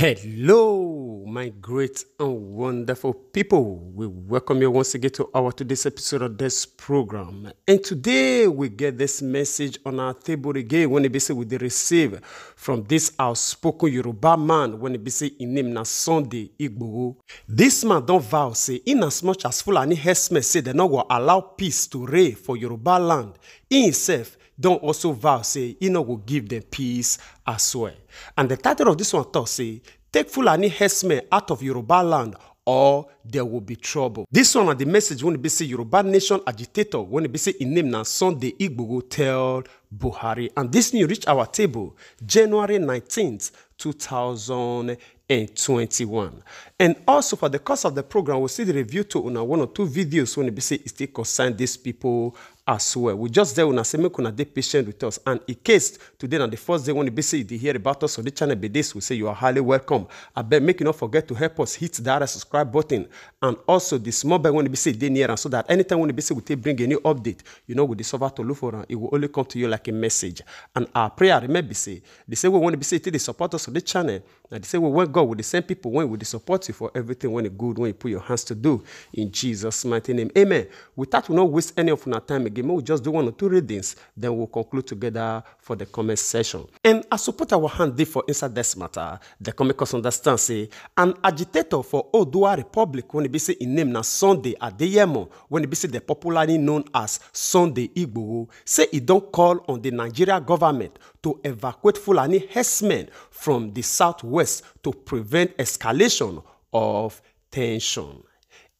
Hello my great and wonderful people. We welcome you once again to our today's episode of this program. And today we get this message on our table again when say we receive from this outspoken Yoruba man when say in name na Sunday Igbo. This man don't vow say in as much as Fulani herdsmen say they not go allow peace to reign for Yoruba land, he himself don also vow say he no go give them peace as well. And the title of this one talk say Take Fulani herdsmen out of Yoruba land or there will be trouble. This one na the message wey be say Yoruba nation agitator wey be say in name na Sunday Igboho tell Buhari and this new reach our table January 19th 2021. And also for the course of the program, we'll see the review to una one or two videos when it be say it still concerned these people as well. We just there una say make una dey patient with us. And in case today na the first day when you be say you hear about us on the channel be this, we say you are highly welcome. Abeg make you not forget to help us hit that subscribe button and also the small bell when you be say dey near and so that anytime when you be say we take bring a new update, you know we discover to look for and it will only come to you like a message. And our prayer remember say the same way when you be say they support us on the channel, And the same way when God will the same people when we support you for everything when it good when you put your hands to do in Jesus mighty name. Amen. With that we not waste any of our time again. We'll just do one or two readings, then we'll conclude together for the comment session. And as we put our hand deep for inside this matter, the comicals understand say an agitator for Odua Republic when it be say in name na Sunday Adeyemo, when it be say the popularly known as Sunday Igbo, say he don't call on the Nigeria government to evacuate Fulani herdsmen from the southwest to prevent escalation of tension.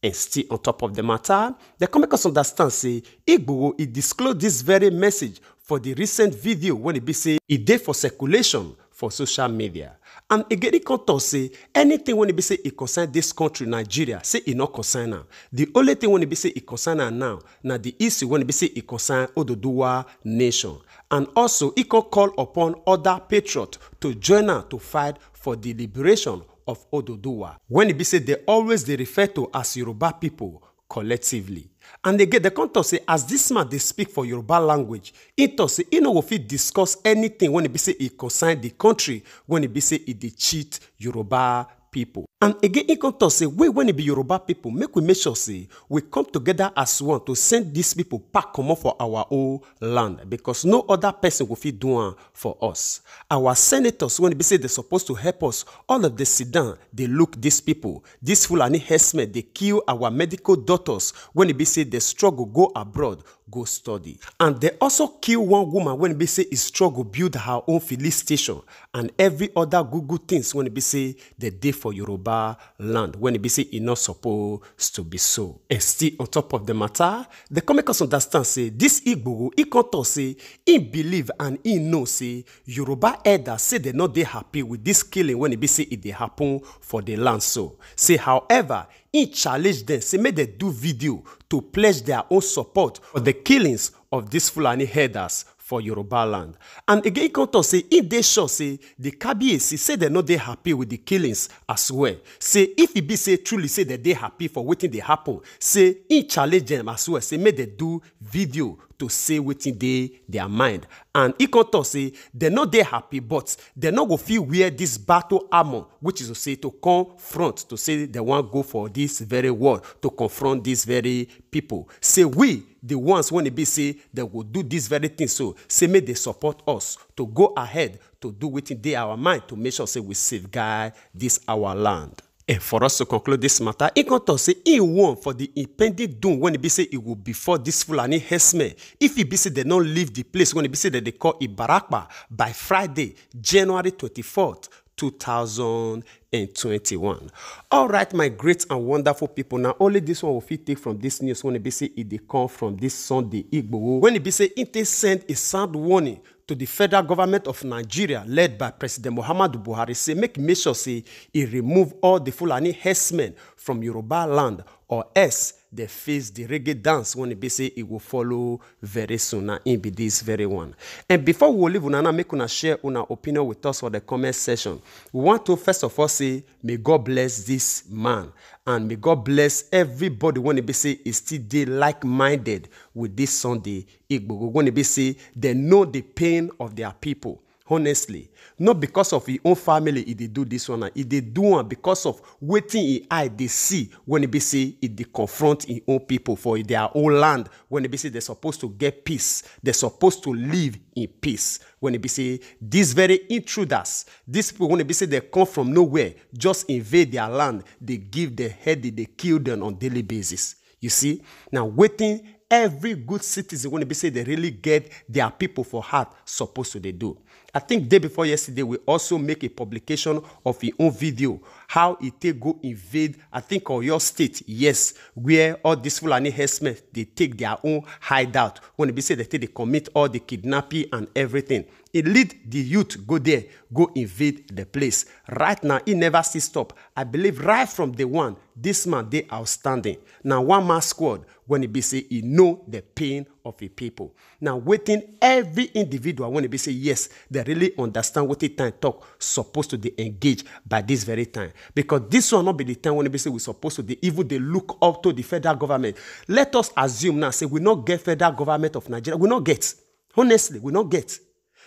And still on top of the matter, the comic make us understand say Igboho he disclosed this very message for the recent video when it be say he did for circulation for social media. And again, it can talk say anything when he be say it concern this country, Nigeria, say it not concern now. The only thing when he be say it concern now, now the issue when he be say it concern Ododuwa nation. And also, he can call upon other patriots to join her to fight for the liberation of Ododuwa when e be say they always they refer to as Yoruba people collectively. And again, dem come talk say as this man they speak for Yoruba language, e talk say e no go fit discuss anything when e be say he consign the country when e be say he cheat Yoruba people. And again, he come talk say, we when it be Yoruba people, make we make sure say we come together as one to send these people back comot for our own land because no other person go fit doing for us. Our senators when be say they supposed to help us, all of the Sudan they look these people, these Fulani herdsmen they kill our medical doctors when it be say they struggle go abroad go study. And they also kill one woman when they say he struggle build her own filling station and every other good good things when they say the day for Yoruba land when they say it's not supposed to be so. And still on top of the matter, the come make us understand say this Igbo, he can say he believe and he know say Yoruba elders say they not they happy with this killing when they say it they happen for the land so. Say however, He challenged them, say make dem do video to pledge their own support for the killings of these Fulani herders for yoruba land and again e come talk say e dey sure say the kabiyesi say dem not they happy with the killings as well say if e be say truly say dem they happy for waiting they happen say e challenge them as well say make they do video to say waiting they their mind and e come say dem not they happy but dem not go feel where this battle armour which is to say to confront to say they want go for this very war to confront these very people. say we the ones when it be say they will do this very thing so say may they support us to go ahead to do within they our mind to make sure say we safeguard this our land. And for us to conclude this matter, in can talk say he won for the impending doom when he be say it will before this Fulani herdsmen. If he be say they don't leave the place when he be say that they call Ibarakba by Friday, January 24th, 2021. All right, my great and wonderful people. Now, only this one will fit take from this news when it say it they come from this Sunday Igbo. When it be say it they send a sound warning to the federal government of Nigeria, led by President Muhammadu Buhari, say make make sure say he remove all the Fulani herdsmen from Yoruba land or else the face the reggae dance when they be say it will follow very soon and it be this very one and before we leave unana make una share una opinion with us for the comment session. we want to first of all say may god bless this man and may god bless everybody when they be say is still like-minded with this sunday igbo when they be say they know the pain of their people honestly not because of his own family he did do this one He did do one because of waiting. in eye they see when he be say e confront his own people for their own land when e be say they supposed to get peace they supposed to live in peace when e be say these very intruders these people when they be say they come from nowhere just invade their land they give their head, they kill them on daily basis you see now waiting every good citizen when they say they really get their people for heart suppose to they do I think day before yesterday, we also make a publication of his own video, how he take go invade, I think your State, yes, where all these Fulani herdsmen, they take their own hideout. When they say they take, they commit all the kidnapping and everything. He lead the youth go there, go invade the place. Right now, he never see stop. I believe right from the one, this man they outstanding. Now one man squad when he be say he know the pain of the people. Now waiting every individual when he be say yes, they really understand what the time talk supposed to they engage by this very time because this will not be the time when he be say we supposed to be evil they look up to the federal government. Let us assume now say we not get federal government of Nigeria. We not get honestly we not get.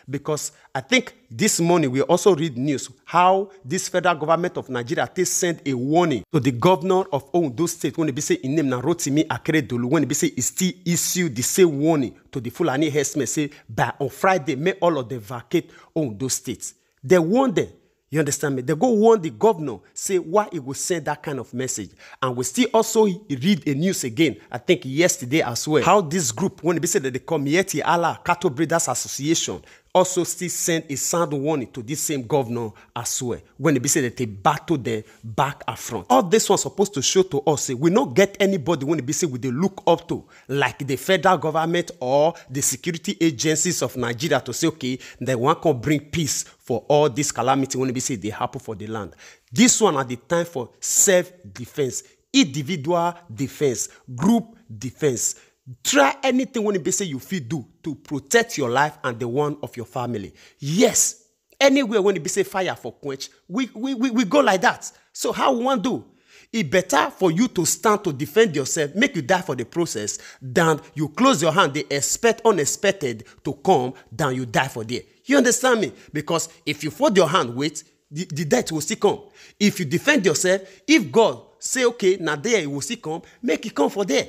because I think this morning we also read news how this federal government of Nigeria they sent a warning to the governor of Ondo State when they be say in name Narotimi Akeredolu when they be say he still issue the same warning to the Fulani herdsmen say by on Friday may all of them vacate Ondo State. They warn them. You understand me? They go warn the governor, say why he will send that kind of message. And we still also read a news again, I think yesterday as well, how this group, when they say that they come Yeti Allah Cattle Breeders Association, also still sent a sound warning to this same governor as well when they be said that they battle them back and front. All this one supposed to show to us say we not get anybody when they be said we they look up to like the federal government or the security agencies of Nigeria to say okay they want to bring peace for all this calamity when they be said they happen for the land. This one at the time for self defense, individual defense, group defense. Try anything when it be say you fit do to protect your life and the one of your family. Yes, anywhere when it be say fire for quench, we, we, we, we go like that. So how we one do? It e better for you to stand to defend yourself, make you die for the process, than you close your hand, they expect unexpected to come, than you die for there. You understand me? Because if you fold your hand, wait, the, the death will still come. If you defend yourself, if God say, okay, na there it will still come, make it come for there.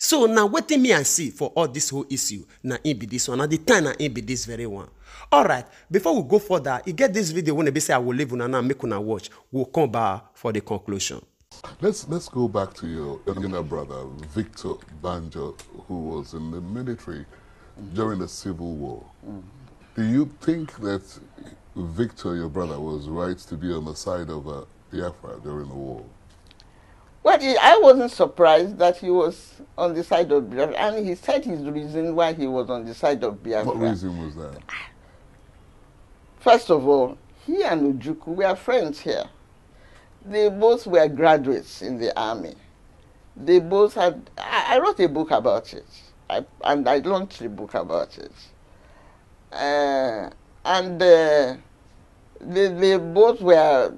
so now, waiting me i see for all this whole issue Now it be this one Now the time now it be this very one alright before we go further you get this video when be say i will leave una now make una watch we come back for the conclusion Let's let's go back to your younger brother Victor Banjo, who was in the military during the Civil War. Do you think that Victor, your brother, was right to be on the side of uh, Biafra during the war? But I wasn't surprised that he was on the side of Biafra. And he said his reason why he was on the side of Biafra. What reason was that? First of all, he and Ujuku were friends here. They both were graduates in the army. They both had. I, I wrote a book about it, I, and I launched a book about it. Uh, and uh, they, they both were,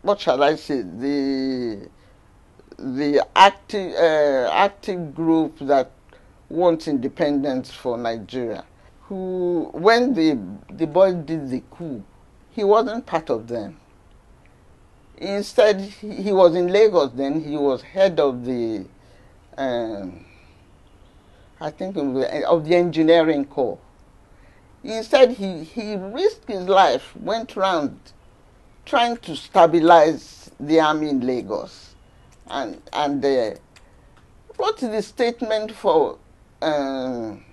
what shall I say, the the active, uh, active group that wants independence for Nigeria, who, when the, the boy did the coup, he wasn't part of them. Instead, he was in Lagos then, he was head of the, um, I think, uh, of the engineering corps. Instead, he, he risked his life, went around trying to stabilize the army in Lagos and and uh, the statement for um,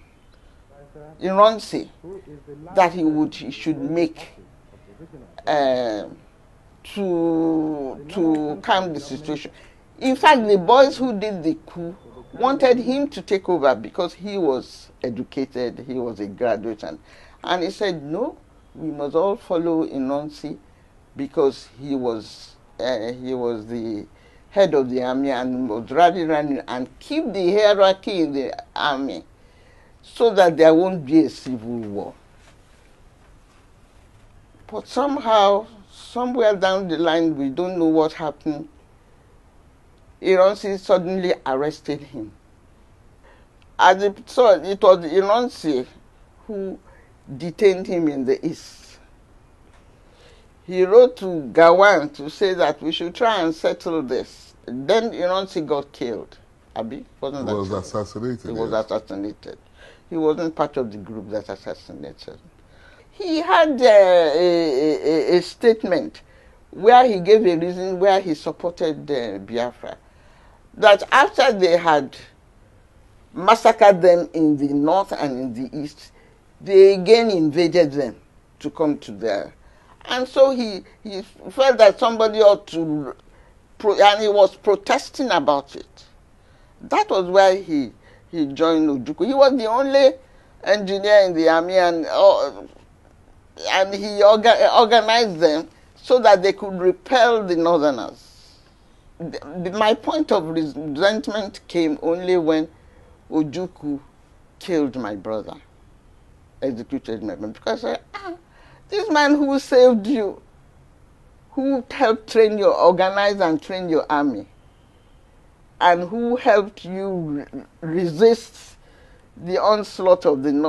Iransi that he would he should make uh, to to calm the situation? In fact, the boys who did the coup wanted him to take over because he was educated, he was a graduate, and, and he said, no, we must all follow Inonsi because he was uh, he was the head of the army and was running running and keep the hierarchy in the army so that there won't be a civil war. But somehow, somewhere down the line, we don't know what happened. Iransi suddenly arrested him. As it, so it was Iransi who detained him in the east. he wrote to Gawain to say that we should try and settle this. Then he got killed. Abi wasn't that? Was assassinated. He yes. was assassinated. He wasn't part of the group that assassinated. He had uh, a, a, a, statement where he gave a reason where he supported uh, Biafra. That after they had massacred them in the north and in the east, they again invaded them to come to their and so he, he felt that somebody ought to, and he was protesting about it. That was why he, he joined Ojukwu. He was the only engineer in the army and, uh, and he orga organized them so that they could repel the northerners. my point of resentment came only when Ojuku killed my brother, executed my brother, because I, ah, this man who saved you, who helped train your organize and train your army, and who helped you resist the onslaught of the North.